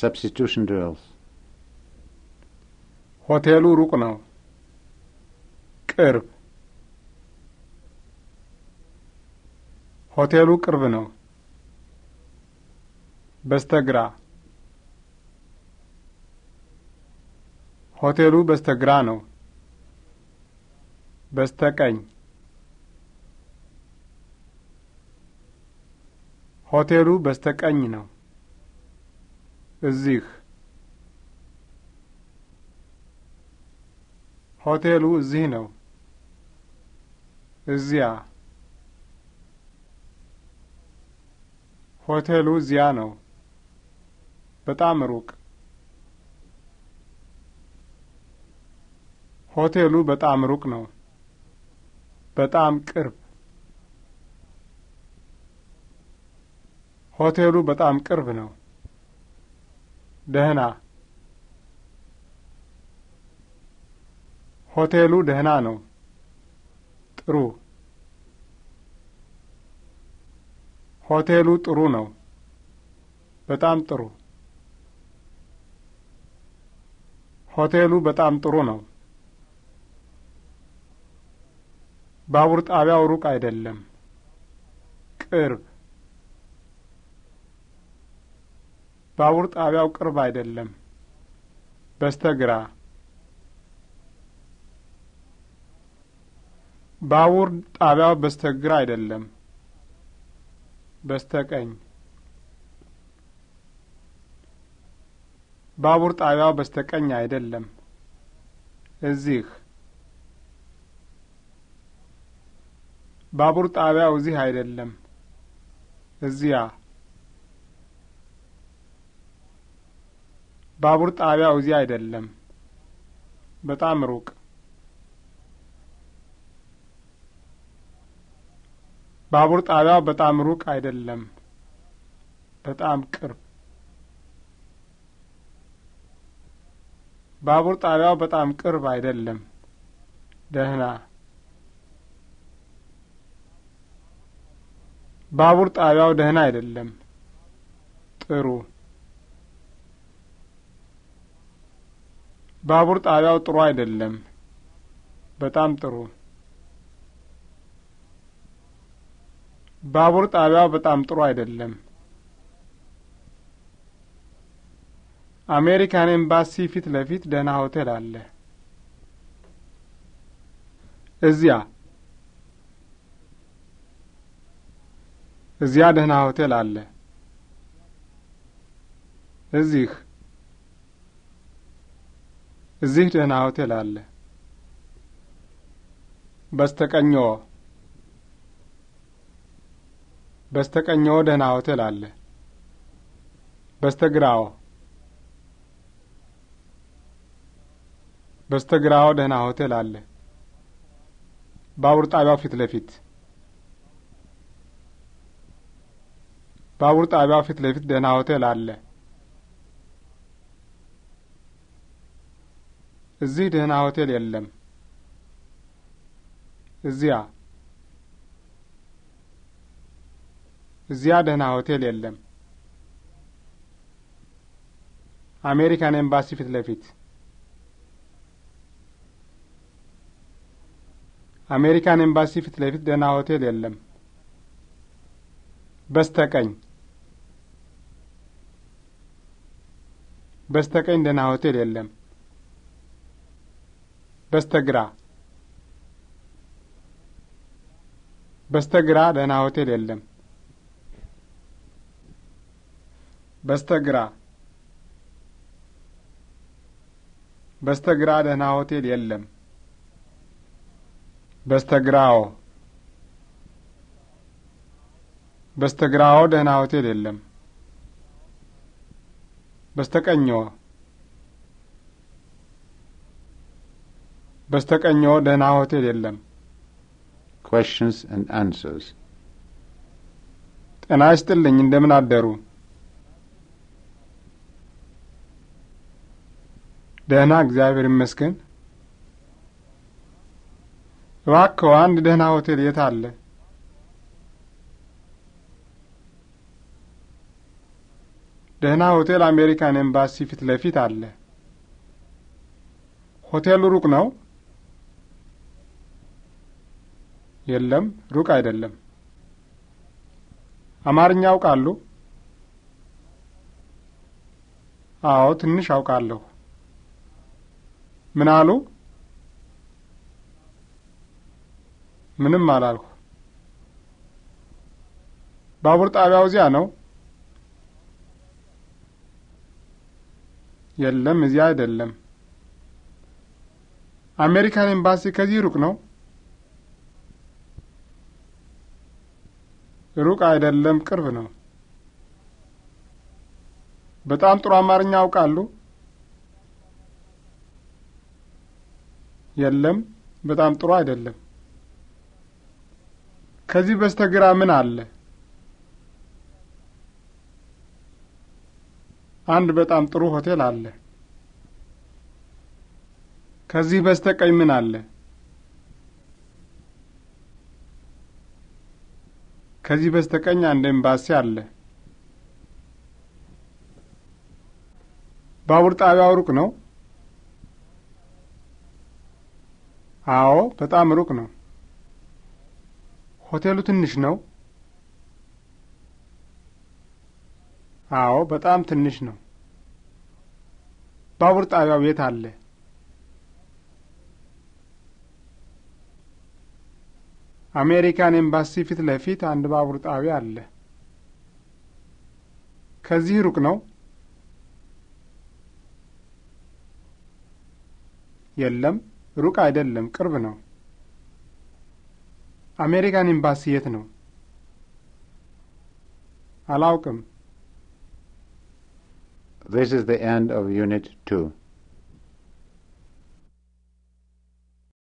substitution drills. ሆቴሉ ሩቅ ነው። ቅርብ። ሆቴሉ ቅርብ ነው። በስተግራ። ሆቴሉ በስተግራ ነው። በስተቀኝ። ሆቴሉ በስተቀኝ ነው። እዚህ ሆቴሉ እዚህ ነው። እዚያ ሆቴሉ እዚያ ነው። በጣም ሩቅ ሆቴሉ በጣም ሩቅ ነው። በጣም ቅርብ ሆቴሉ በጣም ቅርብ ነው። ደህና ሆቴሉ ደህና ነው። ጥሩ ሆቴሉ ጥሩ ነው። በጣም ጥሩ ሆቴሉ በጣም ጥሩ ነው። ባቡር ጣቢያው ሩቅ አይደለም፣ ቅርብ ባቡር ጣቢያው ቅርብ አይደለም። በስተግራ ባቡር ጣቢያው በስተግራ አይደለም። በስተቀኝ ባቡር ጣቢያው በስተቀኝ አይደለም። እዚህ ባቡር ጣቢያው እዚህ አይደለም። እዚያ ባቡር ጣቢያው እዚህ አይደለም፣ በጣም ሩቅ። ባቡር ጣቢያው በጣም ሩቅ አይደለም፣ በጣም ቅርብ። ባቡር ጣቢያው በጣም ቅርብ አይደለም፣ ደህና። ባቡር ጣቢያው ደህና አይደለም፣ ጥሩ። ባቡር ጣቢያው ጥሩ አይደለም። በጣም ጥሩ። ባቡር ጣቢያው በጣም ጥሩ አይደለም። አሜሪካን ኤምባሲ ፊት ለፊት ደህና ሆቴል አለ። እዚያ እዚያ ደህና ሆቴል አለ። እዚህ እዚህ ደህና ሆቴል አለ። በስተቀኞ በስተቀኞ ደህና ሆቴል አለ። በስተግራዎ፣ በስተግራዎ ደህና ሆቴል አለ። ባቡር ጣቢያው ፊት ለፊት ባቡር ጣቢያው ፊት ለፊት ደህና ሆቴል አለ። እዚህ ደህና ሆቴል የለም። እዚያ እዚያ ደህና ሆቴል የለም። አሜሪካን ኤምባሲ ፊት ለፊት አሜሪካን ኤምባሲ ፊት ለፊት ደህና ሆቴል የለም። በስተቀኝ በስተቀኝ ደህና ሆቴል የለም። በስተግራ በስተግራ ደህና ሆቴል የለም። በስተግራ በስተግራ ደህና ሆቴል የለም። በስተግራዎ በስተግራው ደህና ሆቴል የለም። በስተቀኝዎ በስተቀኘው ደህና ሆቴል የለም። questions and answers ጤና ይስጥልኝ፣ እንደምን አደሩ? ደህና እግዚአብሔር ይመስገን። እባክዎ አንድ ደህና ሆቴል የት አለ? ደህና ሆቴል አሜሪካን ኤምባሲ ፊት ለፊት አለ። ሆቴሉ ሩቅ ነው? የለም፣ ሩቅ አይደለም። አማርኛ ያውቃሉ? አዎ፣ ትንሽ አውቃለሁ። ምን አሉ? ምንም አላልሁ። ባቡር ጣቢያው እዚያ ነው? የለም፣ እዚያ አይደለም። አሜሪካን ኤምባሲ ከዚህ ሩቅ ነው? ሩቅ አይደለም፣ ቅርብ ነው። በጣም ጥሩ አማርኛ ያውቃሉ? የለም፣ በጣም ጥሩ አይደለም። ከዚህ በስተግራ ምን አለ? አንድ በጣም ጥሩ ሆቴል አለ። ከዚህ በስተቀኝ ምን አለ? ከዚህ በስተቀኝ አንድ ኤምባሲ አለ። ባቡር ጣቢያው ሩቅ ነው? አዎ፣ በጣም ሩቅ ነው። ሆቴሉ ትንሽ ነው? አዎ፣ በጣም ትንሽ ነው። ባቡር ጣቢያው የት አለ? አሜሪካን ኤምባሲ ፊት ለፊት አንድ ባቡር ጣቢያ አለ። ከዚህ ሩቅ ነው? የለም፣ ሩቅ አይደለም፣ ቅርብ ነው። አሜሪካን ኤምባሲ የት ነው? አላውቅም። This is the end of Unit 2.